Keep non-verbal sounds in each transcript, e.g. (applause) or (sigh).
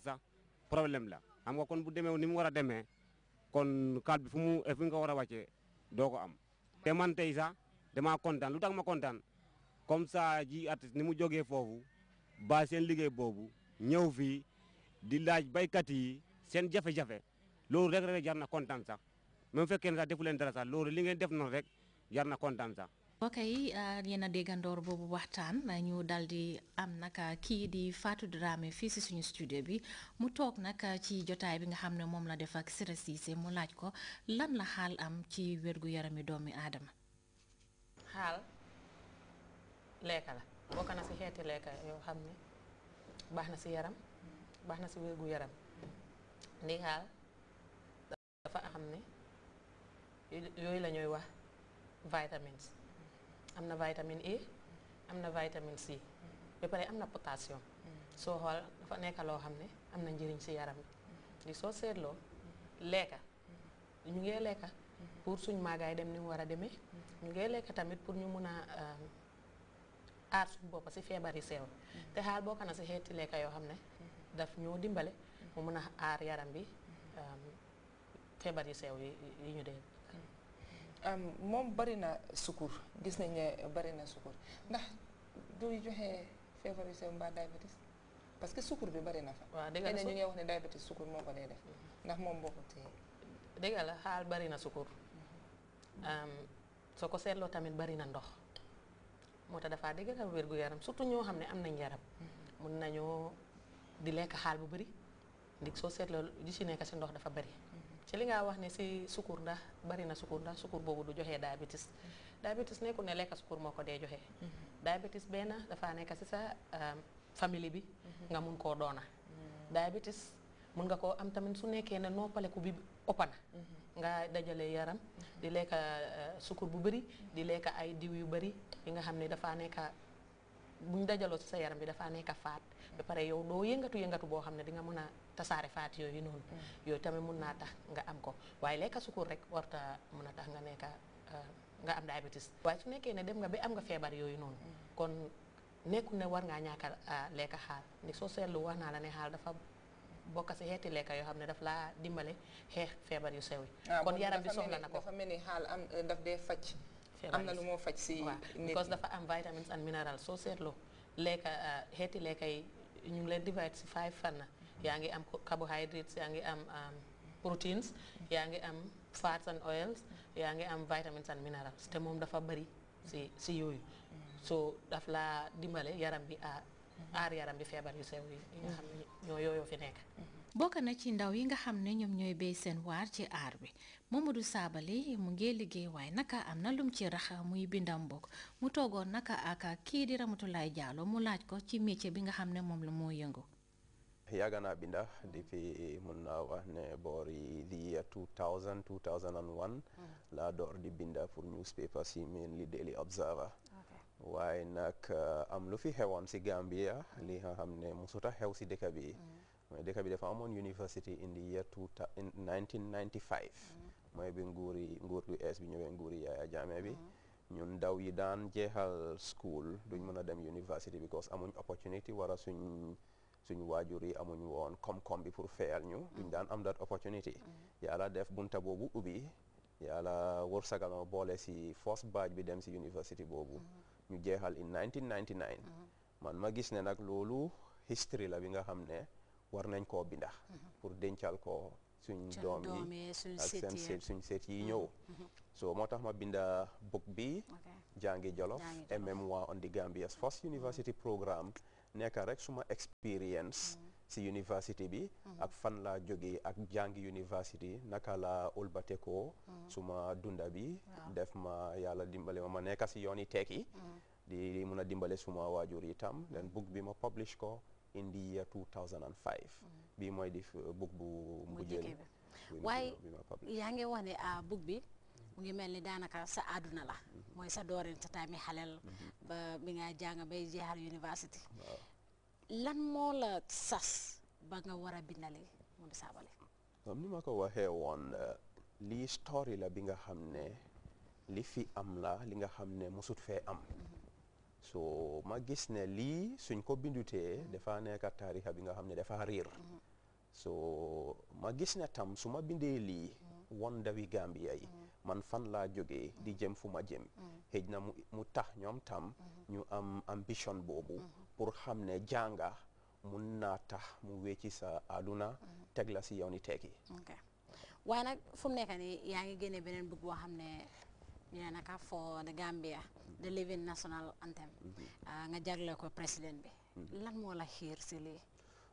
sa problème la xam nga kon bu demee ni mu war a demee kon kaal bi fu mu fu nga war a doo ko am te man tey sax damaa kontaan lu tax ma kontan comme sa ji artiste ni mu jógee foofu ba seen liggéey boobu ñëw fi di laaj baykat yi seen jafe-jafe loolu rek rek jar na kontaan sax fekkee ne sax defu dara sax loolu li def noonu rek jar na kontaan mbokk yi eh, yéen a déggandoor boobu waxtaan ñu dal di am nag eh, kii di Fatou Dramé fii si suñu studio bi mu toog nag eh, ci jotaay bi nga xam ne moom la def ak Sira Cissé mu laaj ko lan la xaal am ci wér-gu-yarami doomi aadama xaal lekka la bokk na si xeeti lekka yoo xam ne baax na si yaram baax na si wér yaram ndi xaal dafa xam ne yooyu la wax vitamines am na vitamine E am na vitamine C ba pare am na potassium soo xool dafa nekk loo xam ne am na njëriñ si yaram bi li soo seetloo lekka ñu ngee lekka pour suñ maagaay dem ni mu war a demee ñu ngee lekka tamit pour ñu mën a euh, aar suñ boppa si feebar yi seew te xaal bokk na si xeeti lekka yoo xam ne daf ñoo dimbale mu mën a aar yaram bi euh, feebar yi sew yi ñu dee moom bari na sukkur gis nañ ne bari na sukkur ndax du joxe feebar yu sew mbaa diabétis parce que sukkur bi bari na fa. waaw dëgg la wax ne diabétis sukkur moo ko dee def. Mm-hmm. ndax moom boo ko téye. dëgg xaal bari na sukkur mm-hmm. soo ko seetloo tamit bari na ndox moo tax dafaa dëgg la wér gu yaram surtout ñoo xam ne am nañ yaram. Mm-hmm. mun nañoo di lekk xaal bu bari ndig soo seetloo di si nekk si ndox dafa bari. ci li nga wax ne si sukur ndax bari na sukur ndax sukur boobu du joxe diabetes diabetes nekku ne lekka sukur moo ko dee joxe. Mm-hmm. diabetes benn dafa nekk si sa um, famille bi. Mm-hmm. nga mun koo doona. Mm-hmm. diabetes mun nga koo am tamit su nekkee ne noppaleku bi ëpp na. nga dajale yaram. di lekka uh, sukur bu bëri. di lekka ay diw yu bëri yi nga xam ne dafa nekk buñ dajaloo ci sa yaram bi dafaa nekk faat ba pare yow doo yëngatu yëngatu boo xam ne danga mën a tasaare faat yooyu noonu mm. yooyu tamit mun naa tax nga am ko waaye lekka sukkur rek warta mun a tax nga nekka euh, nga am diabetes waaye su nekkee ne dem nga ba am nga feebar yooyu noonu mm. kon nekkul ne war ngaa ñàkk a lekka xaal ni soo seetlu wax naa la ne xaal dafa bokk si xeeti lekka yoo xam ne daf laa dimbale xeex feebar yu sew yi ah, kon yaram bi soxla na ko euh, daf dee faj am na lu moo faj si because dafa am vitamins and minerals soo seetloo lekka uh, xeeti lekka yi ñu ngi leen divide si five fànna yaa ngi am carbohydrates yaa ngi am um, proteins yaa ngi am fats and oils yaa ngi am vitamins and minerals te moom dafa bëri si si yooyu so daf la dimbale yaram bi uh, aar yaram bi feebar yu sew yi nga xam ne ñoo yooyoo fi nekk bokk na ci ndaw yi nga xam ne ñoom ñooy béy seen waar ci aar bi Mamadou Sabali mu ngi liggéey waaye naka am na lum ci rax muy bindam bokk mu toogoon naka ak kii di Ramatoulaye Diallo mu laaj ko ci métier bi nga xam ne moom la moo yëngu. yàgg naa binda depuis mun naa wax ne boor yi di 2000 2001 mm. door di binda pour newspaper si mainly Daily Observer waaye nag am lu fi xewoon si Gambia li nga xam ne musuta xew si dëkk bi mm. mooy dëkk bi dafa amoon university in the year two in 1995 mm-hmm. mooy bi nguuri nguur gu ees bi ñëwee nguuri Yaya Jammeh bi mm-hmm. ñun ndaw yi daan jeexal school duñ mën a dem university because amuñ opportunity wara suñ suñu waajur yi amuñ woon koom-koom bi pour feyal ñu mm-hmm. duñ daan am that opportunity yàlla def bunta boobu ubbi yàlla wërsagalo boole si first batch bi dem si university boobu ñu jeexal in 1999 man ma gis ne nag loolu history la bi nga xam ne war nañ koo binda mhm. pour dencal ko suñ doom yi ak sen set suñ set yi mhm. ñew mhm. so motax mah ma binda book bi jàngi jolof MMOA on the Gambia's first university program, nekka rek suma experience si university bi ak fan la joggé ak university naka la ulbatekoo suma dunda bi def ma yalla dimbalé ma ma ci yoni teki, di mun dimbalé suma wajur itam den book bi ma publish ko in the year mm. mooy di uh, book bu mujjeel waaye yaa ngi wax ne uh, book bi mu ngi mel ni daanaka sa àdduna la mm-hmm. mooy sa dooreen sa taami xaleel mm-hmm. ba bi nga jàng bay jeexal university lan moo la sas ba nga war a bindale mu di saabale ni ma ko waxee woon uh, lii story la bi nga xam ne li fi am la li nga xam ne musut fee am mm-hmm. so ma gis ne lii suñ ko bindutee dafa nekk taarixa bi nga xam ne dafa riir mm-hmm. so ma gis ne tam su ma bindee lii mm-hmm. won ndawi Gambia yi mm-hmm. man fan laa jógee di jëm fu ma jëm xëj na mu tax ñoom tam ñu am ambition boobu pour xam ne jànga mun naa tax mu wecci sa àdduna teg la si yooni tekki waaye nag fu mu nekk yaa ngi génne beneen bugg boo xam ne Yanaka for the Gambia, the national anthem. Mm-hmm. Ah, nga jagle ko president bi. Mm-hmm. Lan mo la xiir ci li?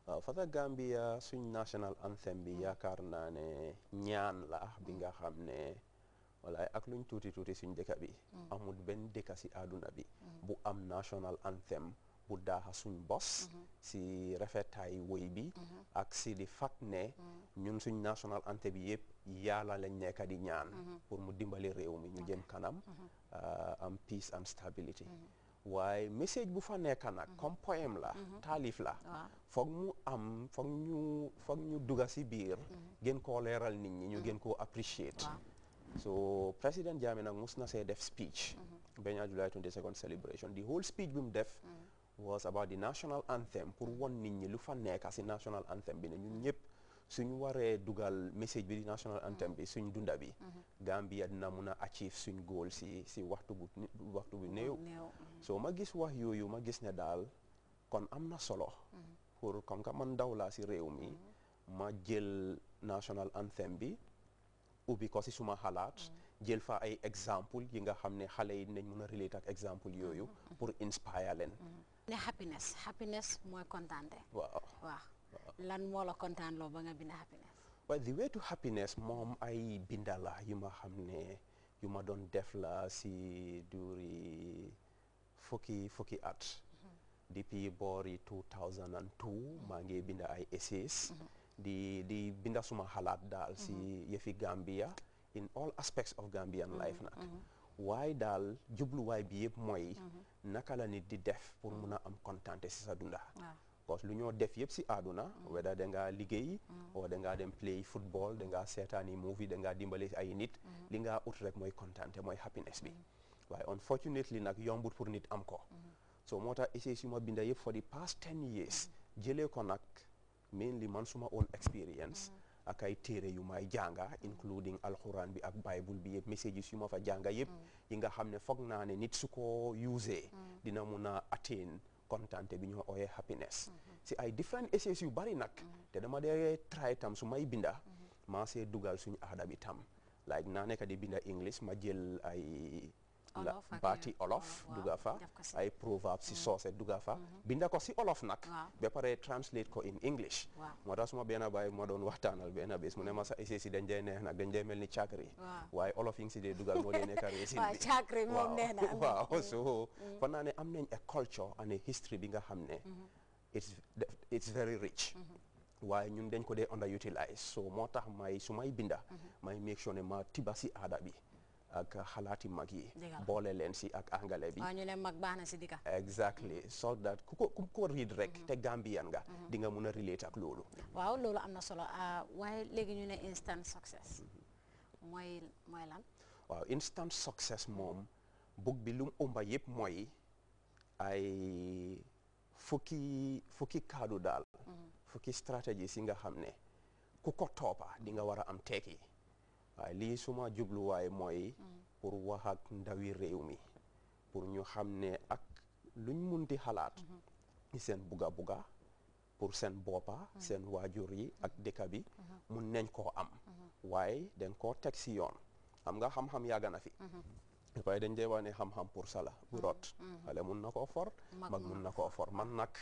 Ah, Fata Gambia suñ national anthem bi mm-hmm. yaakaar naa ne ñaan la bi nga xam ne walaay ak luñ tuuti tuuti suñ dëkka bi. amul benn dëkka si àdduna bi. bu am national anthem. uddaaxa suñ bos mhm. si rafetaay woy bi mhm. ak si di fat ne mhm. ñun suñ national ante bi yëpp yàlla lañ nekk di ñaan pour mu dimbali réew mi ñu jëm kanam euh, am peace and stability waaye message bu fa nekk nag comme poème la taalif la foog mu am foog ñu foog ñu dugga si biir gën koo leeral nit ñi ñu gën koo appreciate so président Jammeh nag mus na see def speech Benja July 22nd celebration the whole speech bi def was about the national anthem pour won nit ñi lu fa nekk si national anthem bi ne ñun ñëpp suñu waree dugal message bi bi suñ dunda bi mm-hmm. Gambia dina mun a achieve suñ goal si si waxtu bu waxtu bu néew mm-hmm. so ma gis wax yooyu ma gis ne daal kon am na solo mm-hmm. pour comme que man ndaw laa si réew mi ma jël national anthem bi ubi ko si suma halat jël fa ay exemple yi nga xam xalé yi nañ mëna relate ak exemple yoyu pour inspire len ne happiness happiness moy contenté waaw waaw lan mo la kontaan lo ba nga bind happiness waaw the way to happiness mom, ay bindala la yu ma xam yu ma def la si duri foki foki at mhm. depuis bori 2002 mangé binda ay essays mhm di di binda suma halat dal si mhm. yefi Gambia in all aspects of Gambian mhm, life mhm. why dal daal way bi yëpp mooy naka la nit di def pour meuna am contenté si sa dunda parce ah. lu ñoo def aduna si de whether dangaa o de nga dem play football nga setani movie nga dimbalé ay nit li nga out rek moy contenté moy happiness bi waaye unfortunately nak yombut pour nit am ko so mota tax essai su binda yëpp for the past 10 years jele ko nak mainly man suma own experience ak ay téere yu may jànga including alxuraan bi ak bible bi yëpp messages yu ma fa jànga yëpp mm. yi nga xam ne foog naa ne nit su ko usee mm. dina mun a attain kontante bi ñoo ooyee happiness mm-hmm. si ay different essays yu bari nag mm-hmm. te dama dee try tam su may binda mm-hmm. maa see dugal suñu aada bi tam like naa ne nekk di binda english ma jël ay la baati olof duga fa ay proverbe si mm-hmm. soose duga fa mm-hmm. binda ko si olof nag ba pare translate ko in english moo tax suma benn baay moo doon waxtaanal benn bés mu ne ma sa essai si dañ dee neex nag dañ dee mel ni càkkri waaye olof yi ngi si dee dugal moo dee nekk réesin bi (laughs) càkkri moom neex na (laughs) mm-hmm. fan naa ne am nañ a culture and a history bi nga xam ne it's it's very rich waaye ñun dañ ko dee underutilize so moo tax may su may binda may make sure ne ma tiba si aada bi ak xalaati mag yi boole leen si ak angale bi ñu ne mag baax na si dika exactly so that ku ko read rek mhm. te gambian nga mhm. di nga mun a relate ak loolu waaw loolu am na solo ah, waaye léegi ñu ne instant success mhm. mooy mooy moom bug bi lu mu ëmba yëpp mooy ay fukki fukki kaadu daal fukki stratégie si nga xam ne ku ko toppa di nga war a am tekki waaye lii suma jubluwaay mooy pour wax ak ndawi réew mi pour ñu xam ne ak luñ mun di xalaat seen buga buga pour seen boppa seen waajur yi ak dëkka bi mun nañ koo am waaye dañ koo teg si yoon am nga xam-xam yàgg na fi waaye dañ dee wax ne xam-xam pour sala bu rot xale mun na koo for mag mun na koo for man nag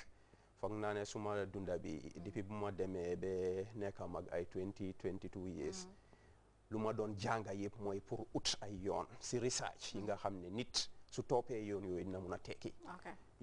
foog naa ne suma dunda bi mm. depuis bu ma demee ba nekka mag ay twenty twenty two years mm. lu ma doon jànga yëpp mooy pour ut ay yoon si research yi nga xam ne nit su toppee yoon yooyu dina mun a tekki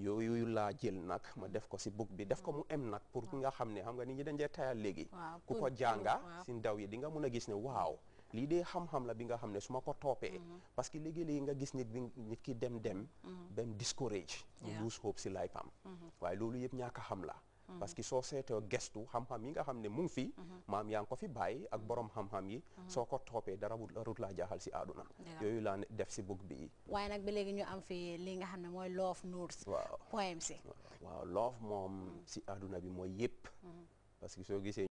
yooyu laa jël nag ma def ko si book bi def ko mu em nag pour ki nga xam ne xam nga nit ñi dañ dee tayal léegi ku ko jànga si ndaw yi di nga mun a gis ne waaw lii dee xam-xam la bi nga xam ne su ma ko toppee mhm. parce que léegi-léegi nga gis nit bi nit ki dem dem bam mhm. discourage mu lose hope si life am mhm. waaye loolu yëpp ñàkk xam la parce que soo seetoo gestu xam-xam yi nga xam ne mu ngi fi. Mhm. maam yaa ngi ko fi bàyyi ak mhm. borom xam-xam yi. Mhm. soo ko toppee dara rut laa jaaxal si àdduna. yooyu laa def si book bi. waaye nag ba léegi ñu am fi li nga xam ne mooy love notes. waaw poème si. waaw love moom si aduna bi mooy yëpp. parce que soo gisee.